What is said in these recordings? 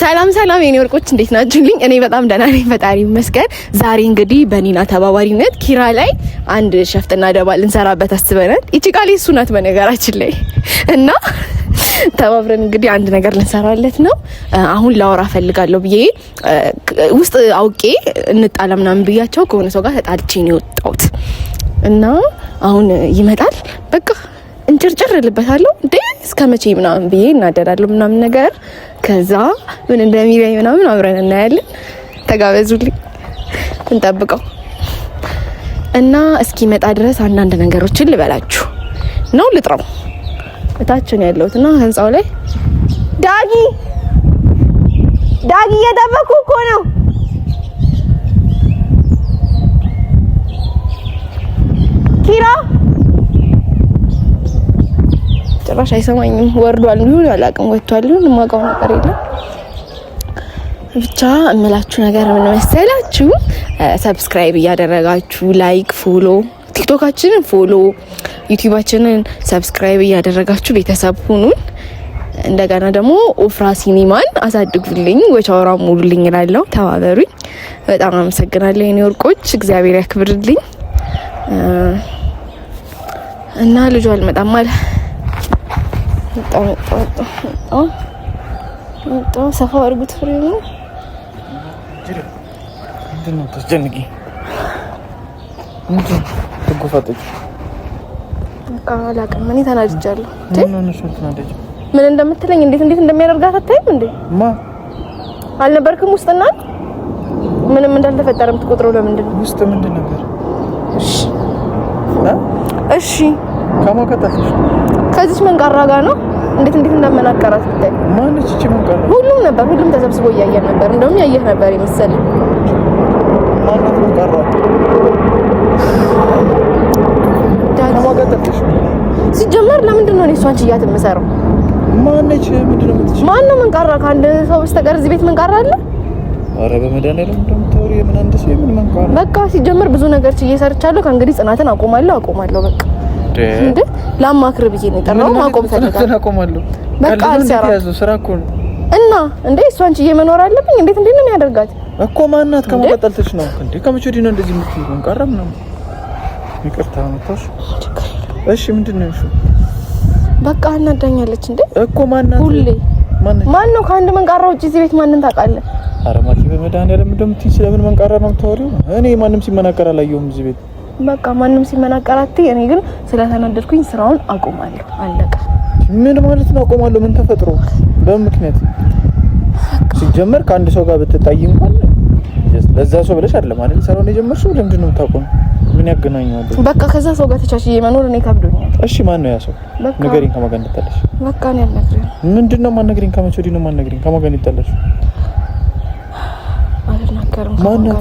ሰላም ሰላም የኔ ወርቆች እንዴት ናችሁልኝ? እኔ በጣም ደህና ነኝ፣ ፈጣሪ ይመስገን። ዛሬ እንግዲህ በኒና ተባባሪነት ኪራ ላይ አንድ ሸፍጥና ደባ ልንሰራበት አስበናል። ይቺ ቃል እሱ ናት በነገራችን ላይ እና ተባብረን እንግዲህ አንድ ነገር ልንሰራለት ነው። አሁን ላወራ ፈልጋለሁ ብዬ ውስጥ አውቄ እንጣላ ምናምን ብያቸው ከሆነ ሰው ጋር ተጣልቼ ነው የወጣሁት እና አሁን ይመጣል በቃ እንጭርጭር ልበታለሁ እንዴ እስከ መቼ ምናምን ብዬ እናደዳለሁ ምናምን ነገር። ከዛ ምን እንደሚለኝ ምናምን አብረን እናያለን። ተጋበዙልኝ፣ እንጠብቀው እና እስኪመጣ ድረስ አንዳንድ ነገሮችን ልበላችሁ ነው። ልጥራው እታችን ያለሁት እና ህንፃው ላይ ዳጊ ዳጊ እየጠበኩ እኮ ነው። ጭራሽ አይሰማኝም። ወርዷል ይሁን አላውቅም፣ ወጥቷል ይሁን የማውቀው ነገር የለም። ብቻ እምላችሁ ነገር ምን መሰላችሁ? ሰብስክራይብ እያደረጋችሁ ላይክ፣ ፎሎ፣ ቲክቶካችንን ፎሎ፣ ዩቲዩባችንን ሰብስክራይብ እያደረጋችሁ ቤተሰብ ሁኑን። እንደገና ደግሞ ኦፍራ ሲኒማን አሳድጉልኝ፣ ወቻወራ ሙሉልኝ እላለሁ። ተባበሩኝ። በጣም አመሰግናለሁ የኔ ወርቆች፣ እግዚአብሔር ያክብርልኝ። እና ልጁ አልመጣም አለ። መጣ ሰፋ አድርጉት። ፍሬ ነው ታስጨንቂ ትጎፋጠች። አላውቅም እኔ ተናድጃለሁ። ምን እንደምትለኝ እንዴት እንዴት እንደሚያደርጋት አታይም እንዴ? አልነበርክም ውስጥና ምንም እንዳልተፈጠረ የምትቆጥረው ለምንድን ነው? ውስጥ ምንድን ነበር? እሺ እሺ ከማቀጣጥሽ ከዚች መንቀራ ጋር ነው። እንዴት እንዴት እንዳመናቀራት ብታይ ማነች እቺ መንቀራ? ሁሉም ነበር፣ ሁሉም ተሰብስቦ እያየህ ነበር። እንደውም ያየህ ነበር የመሰለኝ። ማነች መንቀራ? ከማቀጣጥሽ ሲጀመር ለምንድን ነው እሷን ችያት የምሰራው? ማነች? ምንድን ነው የምትችይው? ማነው መንቀራ? ከአንድ ሰው በስተቀር እዚህ ቤት መንቀራ አለ? አረ በመድኃኒዓለም እንደምታወሪ የምን አንድ ሰው የምን መንቀራ? በቃ ሲጀመር ብዙ ነገር ችዬ ሰርቻለሁ። ከእንግዲህ ጽናትን አቆማለሁ፣ አቆማለሁ በቃ ላማክር ብዬ ነው የጠራው። ማቆም ፈልጋለሁ። በቃ አልሰራም። ስራ እኮ ነው እና እንዴ እሷ አንቺ እየመኖር አለብኝ። እንዴት እንዴት ነው የሚያደርጋት እኮ ማናት ነው እንዴ? ከመቼ ወዲህ ነው እንደዚህ የምትሆን? ቀረም ነው ይቅርታ እሺ ምንድን ነው እሺ? በቃ እንዴ እኮ ማናት? ሁሌ ማን ነው ከአንድ መንቃራ ውጭ እዚህ ቤት ማንን ታውቃለህ? ስለምን መንቃራ ነው የምታወሪው? እኔ ማንም ሲመናቀር አላየሁም እዚህ ቤት በቃ ማንም ሲመናቀራት፣ እኔ ግን ስለተናደድኩኝ ስራውን አቆማለሁ። አለቀ። ምን ማለት ነው አቆማለሁ? ምን ተፈጥሮ በምን ሲጀመር ከአንድ ሰው ጋር ብትጣይ እንኳን ለዛ ሰው ብለሽ አይደለም አይደል ስራውን የጀመርሽው? ለምንድን ነው የምታቆም? ምን ያገናኘዋል? በቃ ከዛ ሰው ጋር ተቻችዬ መኖር እኔ ከብዶኛል። እሺ ማን ነው ያ ሰው? ንገሪኝ። ከማን ጋር በቃ ነው ያልነግረኝ። ምንድን ነው ማነግሪኝ? ከመቼ ወዲህ ነው ማነግሪኝ? ከማን ጋር እንድታለሽ? አልናገርም። ማን ነው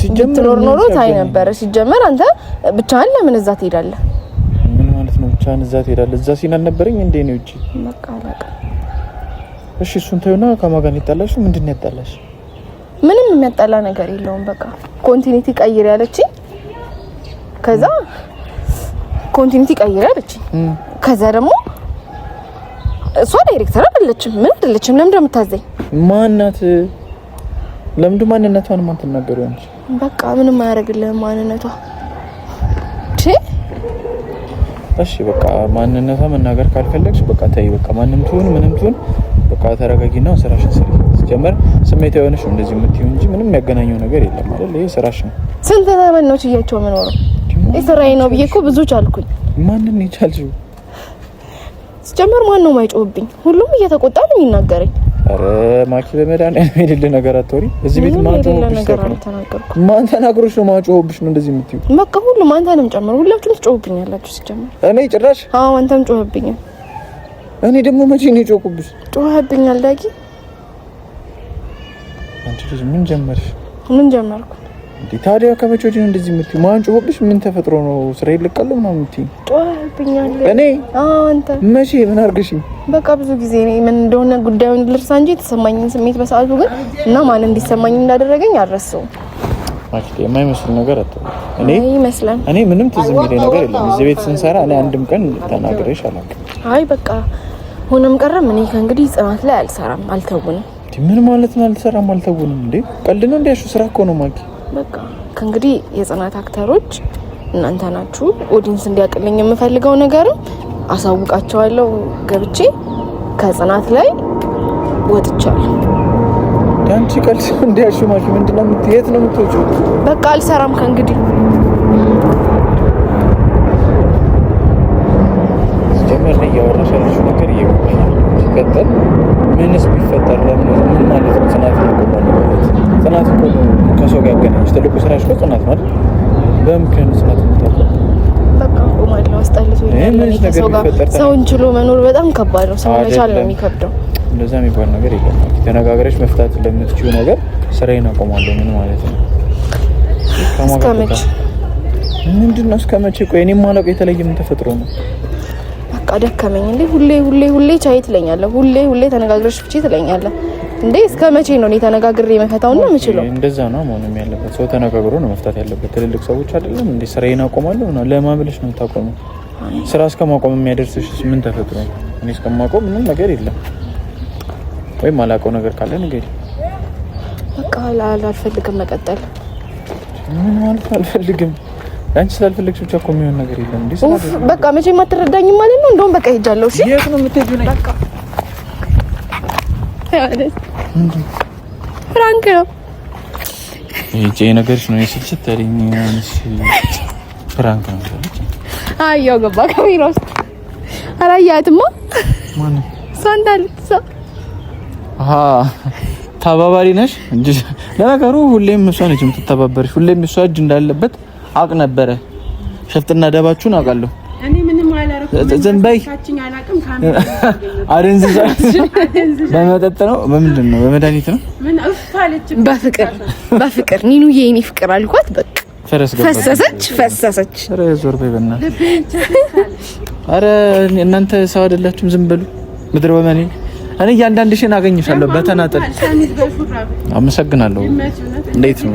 ሲጀምር ኖሮ ታይ ነበረ። ሲጀመር አንተ ብቻህን ለምን እዛ ትሄዳለህ? ምን ማለት ነው ብቻህን እዛ ትሄዳለህ? እዛ ሲን አልነበረኝ እንዴ ነው እጪ በቃ እሺ፣ እሱን ተይውና ከማን ጋር ነው ያጣላችሁ? ምንድን ነው ያጣላችሁ? ምንም የሚያጣላ ነገር የለውም። በቃ ኮንቲኒቲ ቀይር ያለችኝ፣ ከዛ ኮንቲኒቲ ቀይር ያለችኝ፣ ከዛ ደግሞ እሷ ዳይሬክተር አይደለችም፣ ምን አይደለችም። ለምን እንደምታዘኝ ማናት? ለምን እንደማንነቷን ማን ያንቺ በቃ ምንም አያደርግልህም። ማንነቷ እሺ፣ በቃ ማንነቷ መናገር ካልፈለግሽ በቃ ተይ። በቃ ማንም ትሁን ምንም ትሁን በቃ ተረጋጊና ስራሽን ስሪ። ሲጀመር ስሜት የሆነሽ ነው እንደዚህ የምትይው እንጂ ምንም የሚያገናኘው ነገር የለም አይደል? ይሄ ስራሽ ነው። ስንት ዘመን ነው ችያቸው የምኖረው? ይሄ ስራዬ ነው ብዬ እኮ ብዙ ቻልኩኝ። ማንን ነው የቻልሽው? ሲጀመር ማን ነው ማይጮህብኝ? ሁሉም እየተቆጣ ነው የሚናገረኝ። ኧረ ማኪ በመድኃኒዓለም የሌለ ነገር አትወሪ። እዚህ ቤት ማን ተናግሮሽ ነው? ማን ተናግሮሽ ነው? ማን ጮኸብሽ ነው እንደዚህ የምትይው? በቃ ሁሉም አንተንም ጨምሮ ሁላችሁም ትጮህብኛላችሁ። ሲጀምር እኔ ጭራሽ አዎ፣ አንተም ጮኸብኛል። እኔ ደግሞ መቼ ነው የጮኩብሽ? ጮኸብኛል ዳጊ። አንቺ ልጅ ምን ጀመርሽ? ምን ጀመርኩ እንዴ ታዲያ ከመቼ ወዲህ እንደዚህ የምትይው? ማን ጮኸብሽ? ምን ተፈጥሮ ነው? ስራ ይለቃል ነው የምትይው? ጮኸብኛል። እኔ አንተ መቼ ምን አድርገሽኝ? በቃ ብዙ ጊዜ እኔ ምን እንደሆነ ጉዳዩን ልርሳ እንጂ የተሰማኝን ስሜት በሰዓቱ ግን እና ማን እንዲሰማኝ እንዳደረገኝ አልረሳውም። ማለት የማይመስል ነገር አትበል። እኔ ይመስላል እኔ ምንም ትዝ የሚለኝ ነገር የለም። እዚህ ቤት ስንሰራ እኔ አንድም ቀን ተናግሬሽ አላውቅም። አይ በቃ ሆነም ቀረም እኔ ከእንግዲህ ጽናት ላይ አልሰራም፣ አልተውንም። ምን ማለት ነው? አልሰራም፣ አልተውንም? እንዴ ቀልድ ነው እንዲያሹ ስራ እኮ ነው ማኪ በቃ ከእንግዲህ የጽናት አክተሮች እናንተ ናችሁ። ኦዲንስ እንዲያቅልኝ የምፈልገው ነገርም አሳውቃቸዋለሁ። ገብቼ ከጽናት ላይ ወጥቻለሁ። አንቺ ቀልድ እንዲያሹ ምንድነው? የት ነው የምትወጪው? በቃ አልሰራም ከእንግዲህ ጀመር ላይ እያወራሻለች ቢቀጥል ምንስ ቢፈጠር ለምን ማለት ነው? ጽናት ልቆማለ ጽናት እኮ ከሰው ጋር ያገናኘች ትልቁ ስራሽ እኮ ጽናት ማለት በምክን ጽናት ምታለ ሰውን ችሎ መኖር በጣም ከባድ ነው። ሰው መቻል ነው የሚከብደው። እንደዛ የሚባል ነገር የለም። ተነጋግረሽ መፍታት ለምትችው ነገር ስራዬን አቆማለሁ ምን ማለት ነው? እስከመቼ ምንድን ነው እስከመቼ? ቆይ እኔም ማላውቅ የተለየ ምን ተፈጥሮ ነው በቃ ደከመኝ እንዴ! ሁሌ ሁሌ ሁሌ ቻይ ትለኛለህ፣ ሁሌ ሁሌ ተነጋግረሽ ፍቺ ትለኛለህ እንዴ! እስከ መቼ ነው እኔ ተነጋግሬ መፈታውና የምችለው? እንደዛ ነው መሆንም ያለበት። ሰው ተነጋግሮ ነው መፍታት ያለበት። ትልልቅ ሰዎች አይደለም እንዴ? ስራዬን አቆማለሁ ነው ለማብለሽ ነው የምታቆመው? ስራ እስከ ማቆም የሚያደርስሽ ምን ተፈጥሮ? እኔ እስከማቆም ምንም ነገር የለም። ወይም አላውቀው ነገር ካለ ንገሪ። በቃ አልፈልግም መቀጠል። ምን ማለት አልፈልግም አንቺ ስላልፈለግሽ ብቻ እኮ የሚሆን ነገር የለም። እንዴ በቃ መቼ አትረዳኝም ማለት ነው። እንደውም በቃ ሄጃለሁ። እሺ የት ነው የምትሄጂው? በቃ ፍራንክ ነው ይሄ ነገርሽ ነው። እሺ፣ ታሪኝ አንቺ ፍራንክ ነው ያለች። አይ ያው ገባ ካሜራ ውስጥ አላያትማ። ማን ሳንዳል ሳ አሃ ተባባሪ ነሽ እንጂ ለነገሩ ሁሌም እሷ ነች የምትተባበርሽ። ሁሌም እሷ እጅ እንዳለበት አቅ ነበረ። ሸፍጥና ደባችሁን አውቃለሁ። ዝም በይ። በመጠጥ ነው በምንድን ነው? በመድኃኒት ነው። በፍቅር በፍቅር ኒኑ የኔ ፍቅር አልኳት። በቃ ፈሰሰች ፈሰሰች። ዞር በይ በእናትህ። ኧረ እናንተ ሰው አይደላችሁም። ዝም በሉ። ምድር በመኔ እኔ እያንዳንድሽን አገኝሻለሁ በተናጠል። አመሰግናለሁ። እንዴት ነው?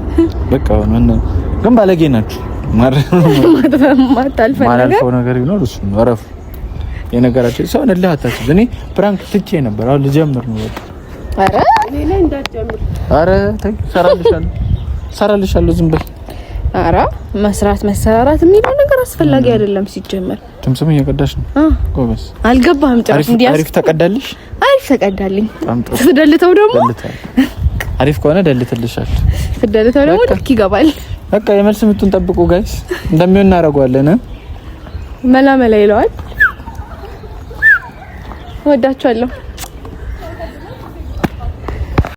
በቃ ምን ግን ባለጌ ናችሁ። ማታልፈው ነገር ቢኖር እሱ እረፉ። የነገራችሁ ሰው ነልህ አታችሁ። እኔ ፕራንክ ትቼ ነበር፣ አሁን ልጀምር ነው በቃ። አረ አረ ተይ፣ ሰራልሻለሁ፣ ሰራልሻለሁ። ዝም በል። አረ መስራት መሰራራት የሚለው ነገር አስፈላጊ አይደለም ሲጀመር። ትምስም እየቀዳሽ ነው ጎበዝ። አልገባህም ጭራሽ። እንዲያስ አሪፍ ተቀዳልሽ፣ አሪፍ ተቀዳልኝ። ትደልተው ደግሞ አሪፍ ከሆነ ደልትልሻል። ስደልተው ደግሞ ልክ ይገባል። በቃ የመልስ ምቱን ጠብቁ ጋይስ፣ እንደሚሆን እናደርገዋለን። መላ መላ ይለዋል። ወዳችኋለሁ።